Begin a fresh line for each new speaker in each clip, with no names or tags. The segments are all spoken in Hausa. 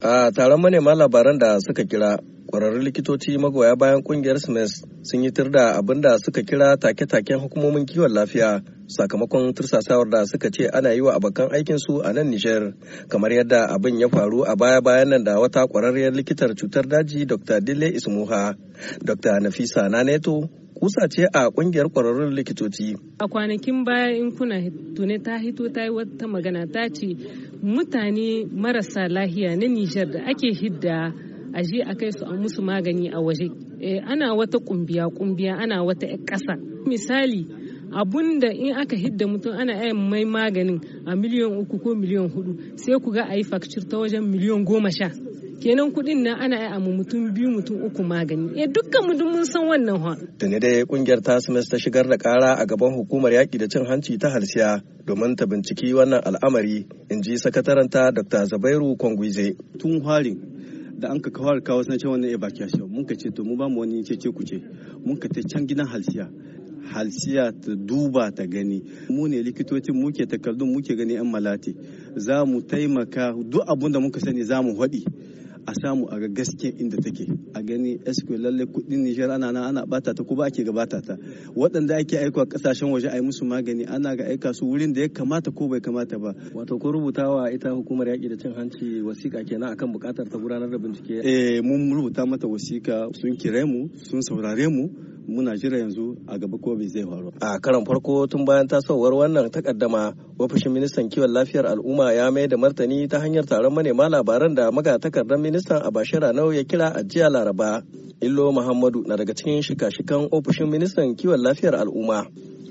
A taron manema labaran da suka kira, ƙwararrun likitoci magoya bayan ƙungiyar SMES sun yi da abin da suka kira take-taken hukumomin kiwon lafiya sakamakon tursasawar da suka ce ana yi wa abokan aikinsu a nan Nijar, kamar yadda abin ya faru a baya-bayan nan da wata kwararriyar likitar cutar daji Dr. Dile Ismuha, Dr. Nafisa Naneto, kusa ce a kungiyar kwararrun likitoci.
A kwanakin baya in kuna tune ta hito ta yi wata magana ta ce mutane marasa lahiya na Nijar da ake hidda a je a kai su a musu magani a waje. Eh, ana wata kumbiya kumbiya ana wata ƙasa. Misali abun da in aka hidda mutum ana yin mai maganin a miliyan uku ko miliyan hudu sai ku ga a yi ta wajen miliyan goma sha. kenan kuɗin na ana yi mu mutum biyu mutum uku magani ya eh, dukkan mu mun san wannan ha
tuni dai kungiyar tasmas ta shigar da kara a gaban hukumar yaƙi da cin hanci ta halsiya domin ta binciki wannan al'amari in ji sakataranta dr zabairu kwangwize tun
hari da an ka kawar kawo na cewa wannan evacuation eh, mun ka ce to mu ba mu wani cece kuce mun ka ta can gidan halsiya halsiya ta duba ta gani mu ne likitocin muke takardun muke gani yan malati za mu taimaka duk abun da muka sani za mu haɗi a samu a ga gaske inda take a gani esko lalle kudin Nijar ana nan ana bata ta ko ba ake gabata ta waɗanda ake aika kasashen waje a yi musu magani ana ga aika su wurin da
ya kamata ko bai kamata ba wato ko rubutawa ita hukumar yaƙi da cin hanci wasiƙa kenan akan buƙatar ta gudanar da bincike
eh mun rubuta mata wasiƙa sun kire mu sun saurare mu muna jira yanzu a gaba ko bai zai faru.
A karan farko tun bayan tasowar wannan takaddama ofishin ministan kiwon lafiyar al'umma ya mai da martani ta hanyar taron manema labaran da magatakardar ministan Abashira Nau ya kira a jiya Laraba. Illo Muhammadu na daga cikin shika-shikan
ofishin ministan kiwon lafiyar al'umma.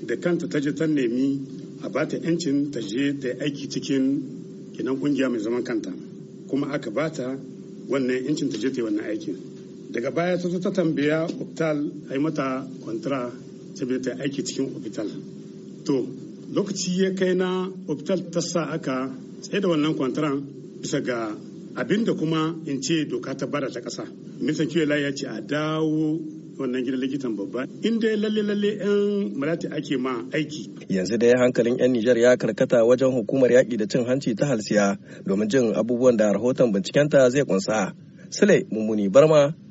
Da kanta ta je ta nemi a bata 'yancin ta je ta aiki cikin gidan kungiya mai zaman kanta kuma aka bata wannan 'yancin ta je ta yi wannan aikin. daga baya ta ta tambaya optal a yi mata kwantara saboda ta aiki cikin optal to lokaci ya kai na optal ta sa aka tsaye da wannan kwantaran bisa ga abin da kuma in ce doka ta bada ta ƙasa ministan kiwon ya ce a dawo wannan gidan likitan babba inda dai lalle lalle yan malati ake ma aiki yanzu dai hankalin yan Nijar
ya karkata wajen hukumar yaƙi da cin hanci ta halsiya domin jin abubuwan da rahoton bincikenta zai kunsa Sule Mummuni Barma